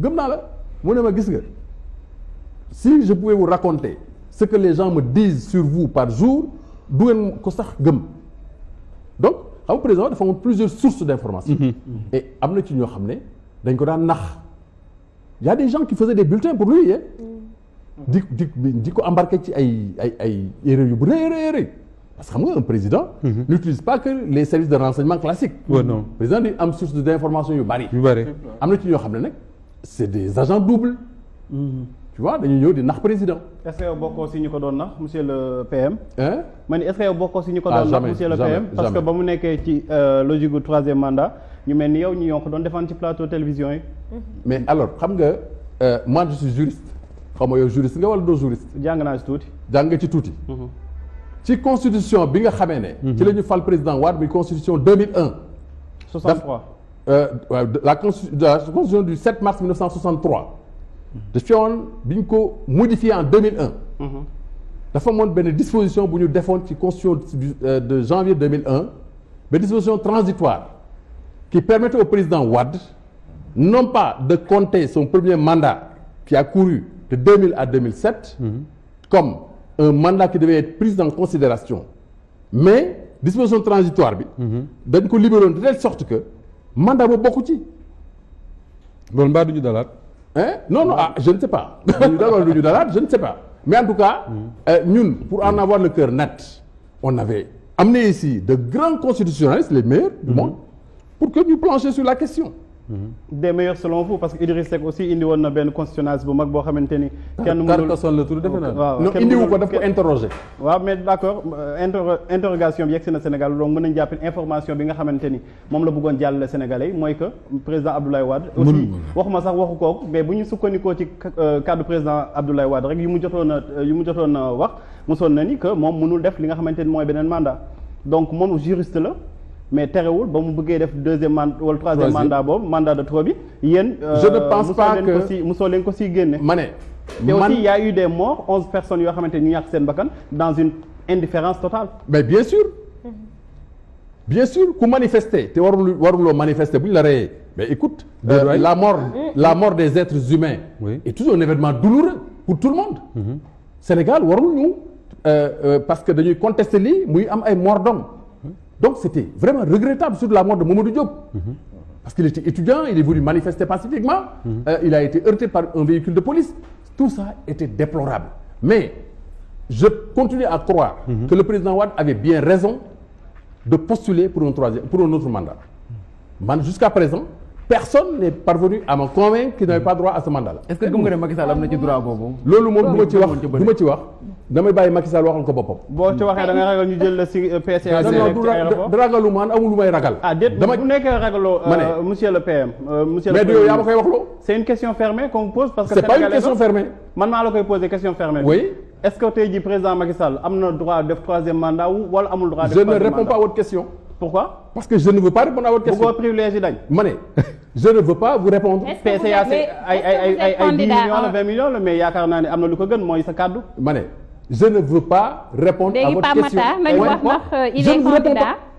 gëm la ne si je pouvais vous raconter ce que les gens me disent sur vous par jour du ngeen ko sax gëm donc xam nga président dafa a plusieurs sources d'informations. Mhm. et il ci ñoo xam dañ ko y a des gens qui faisaient des bulletins pour lui eh di di ci ay parce que xam un président mhm. n'utilise pas que les services de renseignement classiques président a am source d'informations. yu bari yu bari am na ci ñoo c'est des agents doubles. Mhm. tu vois nous sommes des présidents. est-ce que vous avez si ñu ko monsieur le PM. Hein est-ce que vous avez si ñu ko ah, monsieur le PM parce que si vous nekkee euh, logique troisième mandat ñu mel yow ñu télévision mais alors euh, moi je suis juriste Comme je suis juriste nga wala juriste. Je suis ci Je suis juriste. Si la mhm. constitution bi nga ne. Mhm. président de la constitution 2001. 63. Euh, de la, constitution, du 7 mars 1963 de woon modifié en 2001 la mm-hmm. amoon disposition pour nous défendre ci constitution euh, de janvier 2001 mais disposition transitoire qui permettait au président Wade non pas de compter son premier mandat qui a couru de 2000 à 2007 mm-hmm. comme un mandat qui devait être pris en considération mais disposition transitoire bi mm-hmm. dañ ko de telle sorte que mandat Bokouti. Bon ci. du hein? non non ah, je ne sais pas. Ah, je ne sais pas. mais en tout cas. Hmm. Euh, nous pour en avoir le cœur net. on avait amené ici de grands constitutionnalistes les meilleurs du hmm. monde. pour que nous planchions sur la question. Mm-hmm. des meilleurs selon vous parce que Idriss Seck aussi indi na ben bu mag je xamanteni kenn mënul la tudd non indi wu daf ko interroger. wa mais d'accord. interrogation bi Sénégal donc mën nañu information bi nga xamanteni mom la bëggon Sénégalais moy que président Abdoulaye Wade. aussi waxuma sax waxu mais buñu ci cadre euh, président Abdoulaye Wade rek yu mu yu mu wax na ni que mom mënul def li nga xamanteni moy benen mandat donc mom juriste la mais terewul ba mu bëggee def deuxième mandat wala troisième mandat boobu mandat de trop bi je ne euh, pense pas que mosoo leen ko si mosoo ko si aussi il y a eu des morts onze personnes yoo xamante ñu ñàkk seen Bakan dans une indifférence totale. mais bien sûr bien sûr ku manifester te warul waruloo manifester bu la mais écoute. Euh, la mort la mort des êtres humains. oui est toujours un événement douloureux pour tout le monde. Mm -hmm. Sénégal warul ñu euh, euh, parce que dañuy contester lui, muy am ay morts d'homme donc c'était vraiment regrettable sur la mort de Mamadou Diop. Parce qu'il était étudiant, il est voulu manifester pacifiquement, mhm. euh, il a été heurté par un véhicule de police. Tout ça était déplorable. Mais je continue à croire mhm. que le président Ouad avait bien raison de postuler pour un autre mandat. Jusqu'à présent, personne n'est parvenu à me convaincre qu'il n'avait pas droit à ce mandat-là. est-ce que gëm nga Macky Sall am na ci droit boobu. loolu mom duma ci wax duma ci wax damay baye Macky Sall waxal ko bopam Bo ci waxe da nga ragal ñu jël le si euh, PCA. non ragalu man amul lu may ragal. ah déet bu nekkee ragaloo. Euh, monsieur le PM. Euh, monsieur le mais yow yaa ma koy wax c'est une question fermée qu'on pose parce que. c'est pas une question fermée. man ma la koy poser question fermée. oui. est-ce que tey jii président Macky Sall am droit de troisième mandat wala amul droit. de mandat je ne réponds pas à votre question. Pourquoi Parce que je ne veux pas répondre à votre question. Vous privilégier d'agne Mané, je ne veux pas vous répondre. PCA c'est ay Il y a 10 millions 20 millions mais il y a am na lu ko un mooy de cadeau. Mané, je ne veux pas répondre à votre question. Il pas matin, mais il est candidat.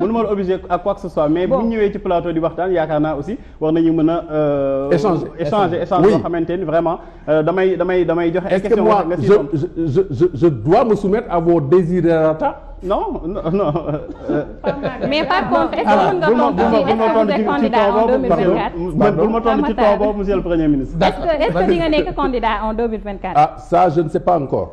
mënu ma obligé à quoi que ce soit mais bu ñëwé ci plateau di waxtaan yaakaar naa aussi war nañu mëna euh échanger échanger échange yoo xamante ni vraiment euh, damay damay damay joxe est-ce que moi je je je je dois me soumettre à vos desiderata non non non. mais par contre est-ce que mën nga tontu ci ma tontu ci taw boobu monsieur le premier ministre. est-ce que di nga nekk candidat en 2024. ah ça je ne sais pas encore.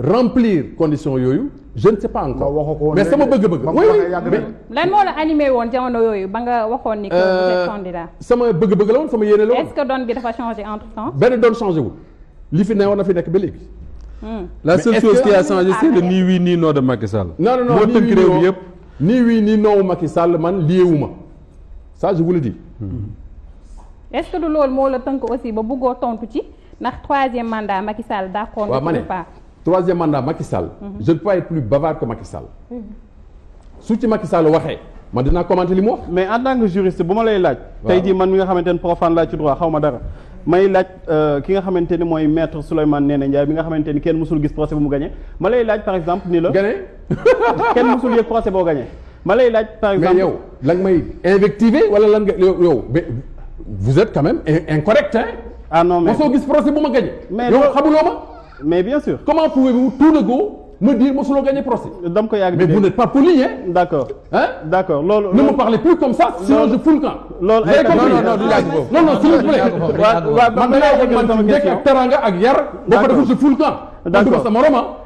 remplir condition yoyu je ne sais pas encore mais sama bëgg-bëgg oui lan moo la animé woon jamono yooyu ba nga waxoon ni que euh, vous êtes candidat sama bëgg-bëgg la woon sama yéene est-ce que donne bi dafa changer entre temps ben donne changé wul li fi ne woon na fi nekk ba hmm. la seule chose qui a changé c'est le ah. ni oui ni non de Macky Sall non non non mi ni oui ni non Macky Sall man lié wu ma ça je vous le dis hmm. est-ce que du loolu le la tënk aussi ba bëggoo tontu ci ndax troisième mandat Macky Sall d'accord waaw ne pas troisième mandat Macky mhm. je ne peux pas être plus bavard que Makissal. Sall. Makissal mhm. ci Macky Sall je man commenter mais en tant que juriste si je lay laaj. que jii man mi nga xamante profane la ci droit euh, maître par exemple ni la. gagné kenn mësul procès mais invectiver vous êtes quand même incorrect hein? ah non mais mosoo gis procès bu mais mais bien sûr. Comment pouvez-vous tout de go me dire que nous gagné procès Mais vous n'êtes pas poli, hein D'accord. Hein D'accord. Ne me parlez plus comme ça, sinon je fous le camp. Vous avez eh, compris Non, non, s'il vous plaît. Maintenant, je vous que Teranga, Aguiar, je fous le camp. D'accord. C'est mon roman.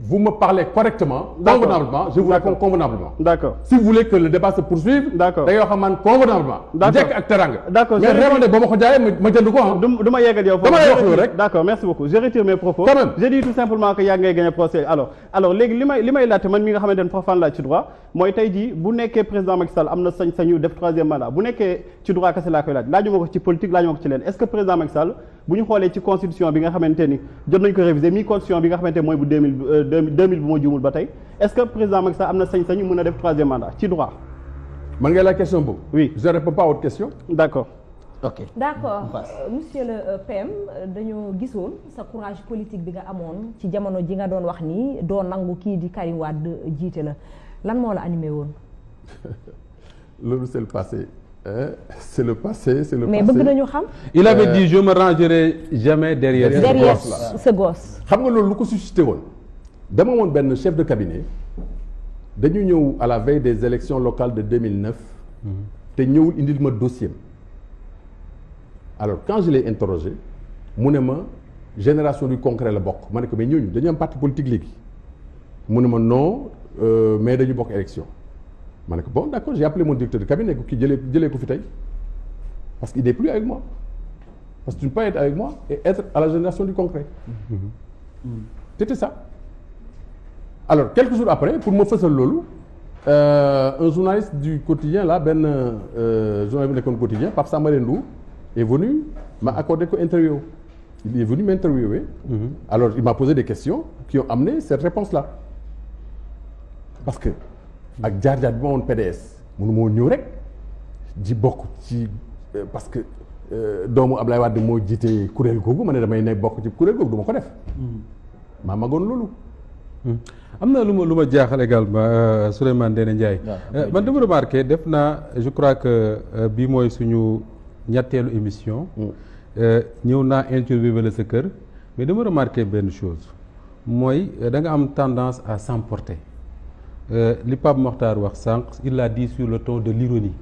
vous me parlez correctement. convenablement je vous réponds convenablement. d'accord si vous voulez que le débat se poursuive. d'accord D'ailleurs, ngay wax convenablement. d'accord njëkk teranga. d'accord mais réewande ko jaayee ma jënd ko ah. du yow. d'accord merci beaucoup je retire mes propos. j'ai dit tout simplement que yaa ngay gagné procès alors alors léegi li may li may laajte man mi nga xamante ne profane laa ci droit mooy tey jii bu nekkee président Macky Sall am na sañ-sañu def troisième mandat bu nekkee ci droit kese laa koy laaj laajuma ko ci politique laajuma ko ci leen est-ce que président Macky Sall bu ñu xoolee ci constitution bi nga xamante ni jot nañ ko réviser mi constitution bi nga xamante mooy bu 2000 2000 bu ma juumul est-ce que président Macky Sall am sañ-sañ mëna def 3e mandat ci droit. man nga la question boobu. oui je réponds pas à votre question. d'accord. ok d'accord monsieur le euh, PM dañoo gissone sa courage politique bi nga amone ci jamono ji nga doon wax ni do nangu ki di Karim Wade jiite la lan mo la animé won c'est le passé hein? c'est le passé c'est le mais bëgg nañu xam. il avait euh, dit je me rangerai jamais derrière. derrière ce gosse. xam nga loolu lu ko suscité woon. Dans mon ben, chef de cabinet dañu à la veille des élections locales de 2009. et ñëwul indil dossier alors quand je l'ai interrogé mu suis ma génération du concret la bokk ma ko mais un parti politique Je mu ma non euh, mais dañu une élection Je bon d'accord j'ai appelé mon directeur de cabinet qui dit profité. parce qu'il n'est plus avec moi parce que tu ne peux pas être avec moi et être à la génération du concret mm-hmm. c'était ça alors quelques jours après pour mon ce loulou, euh, un journaliste du quotidien là euh, journaliste du quotidien Pape Sambare Lou, est venu m'a accordé une interview il est venu m'interviewer mhm. alors il m'a posé des questions qui ont amené cette réponse là parce que ak jaar PDS mon ne suis rek di beaucoup, parce que euh, doomu mon Wade de jiite un googu Je ne damay ne bokk ci kuréel Je ne ko def mhm. Hmm. amna luma luma ma jaaxal également euh, souleyman dene Ndiaye ah, euh, man dama remarqué def je crois que euh, bi moy suñu ñattelu émission hmm. ñëw naa interviewé le sa mais dama remarqué une chose moy da nga am tendance à s'emporter li Pape Mokhtar wax sank il l'a dit sur le ton de l'ironie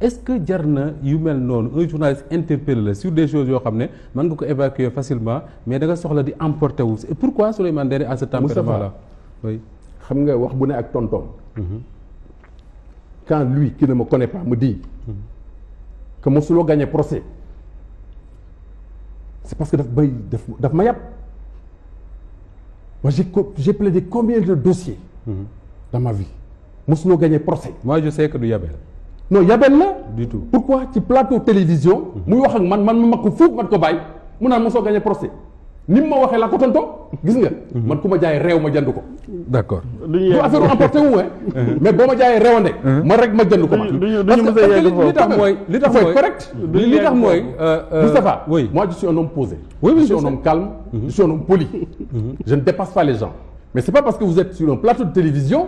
est-ce que les yu un journaliste interpellé sur des choses que xamné ne évacuer facilement mais da nga soxla di emporter wu et pourquoi Souleymane Ndéné à ce temps là oui xam nga wax bu ak tonton. quand lui qui ne me connaît pas me dit que gagne un procès c'est parce que daf ma moi j'ai plaidé combien de dossiers mhm. dans ma vie gagne gagné procès moi je sais que du yabel non yabel la. du tout pourquoi tu plateau télévision. moi wax ak man man ma ko fuuf man ko bay, mu naan ma procès ni ma waxe la ko tontoo gis nga. Mhm. man ku jaay rew ma jandou ko. D'accord. accord du ñu affaire wu hein. mhm. mais boma jaay jaayee réewande. man mhm. rek ma jandou ko ma. du ñu parce que li tax moy, li tax moy correct. li tax euh, euh Mustafa, oui moi je suis un homme posé. oui je suis un homme calme. je suis un homme poli. je ne dépasse pas les gens. mais c'est pas parce que vous êtes sur un plateau de télévision.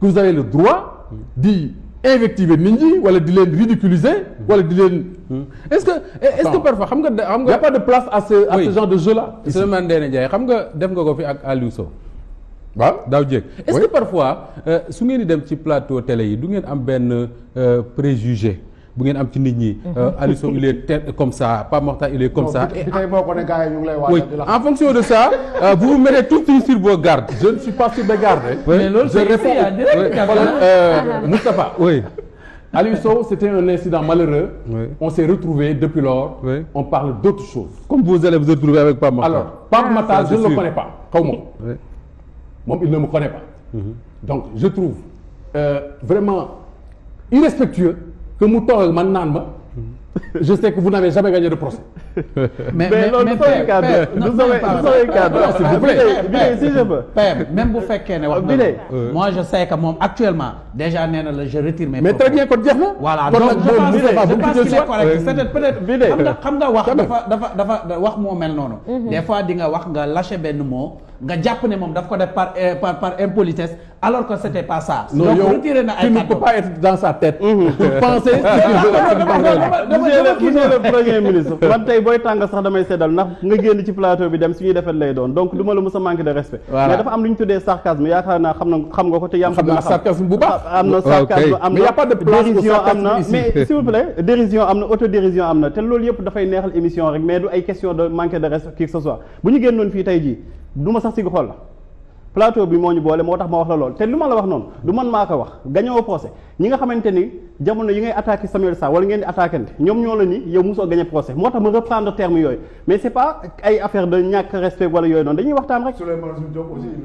que vous avez le droit d'y invectiver nit ou wala di leen ridiculiser wala di leen. Hmm. est-ce que est-ce que parfois il n'y a pas de place à ce à ce genre de jeu là. c'est le mandat xam nga def nga ko fi ak à Sow. est-ce que parfois euh, su ngeen di dem ci plateau télé yi du ngeen am euh, préjugé. Mhm. Euh, Alisson il est comme ça pas mortel, il est comme ça. en fonction de ça euh, vous vous mettez tout de suite sur vos gardes. je ne suis pas sur mes gardes. Hein. mais c'est euh, ah, ah. c'était un incident malheureux. On s'est retrouvé depuis lors. On parle d'autres choses. Comme vous allez vous retrouver avec Pape Mata Alors Pape ah, je ne le connais pas Comment? il ne me connaît pas. Mhm. Donc je trouve vraiment irrespectueux. que mu toog ak naan ma je sais que vous n'avez jamais gagné de procès. mais mais mais loolu vous savez cadre vous savez s'il vous plaît si je peux. père même bu fekkee ne wax na moi je sais que moom actuellement déjà nee na la je retire mes. mais très bien kon jeex na. voilà donc je Vous je pense qu'il est correct c'est peut-être xam nga xam nga wax dafa dafa dafa wax moo mel noonu. des fois di wax nga lâcher benn mot. nga jàpp ne moom daf ko def par par par impolitesse alors que c'était pas ça. donc retiré ne peux pas être dans sa tête. pour penser. monsieur le monsieur le premier ministre man tey booy tàng sax damay seddal ndax nga génn ci plateau bi dem suñuy defet lay doon donc du ma la mës a manque de respect mais dafa am lu ñu tuddee sarcasme yaakaar naa xam nga ko te yam xam na sarcasme bu baax am na sarcasme am na mais s'il vous plaît dérision am na autodérision am na te loolu yëpp dafay neexal émission rek mais du ay question de manque de respect qui ce soit bu ñu génnoon fii tey jii du ma sax si xool jamono yi ngay attaquer Samuel Sarr wala ngeen di attaquer ñoom ñoo la ni yow mosoo gagner procès moo tax ma reprendre terme yooyu mais c'est pas ay affaire de ñàkk respect wala yooyu noonu dañuy waxtaan rek.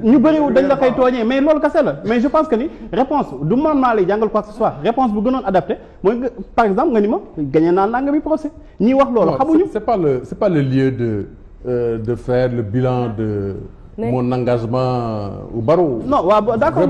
ñu wu dañ la koy tooñee mais loolu kese la mais je pense que ni réponse du man maa lay jàngal quoi que ce soit réponse bu gënoon adapté mooy par exemple nga ni ma gagné naa naa bi procès ñii wax loolu. xamuñu c'est pas le c'est pas le lieu de euh, de faire le bilan de. mon engagement ou euh, barou. non waaw d'accord.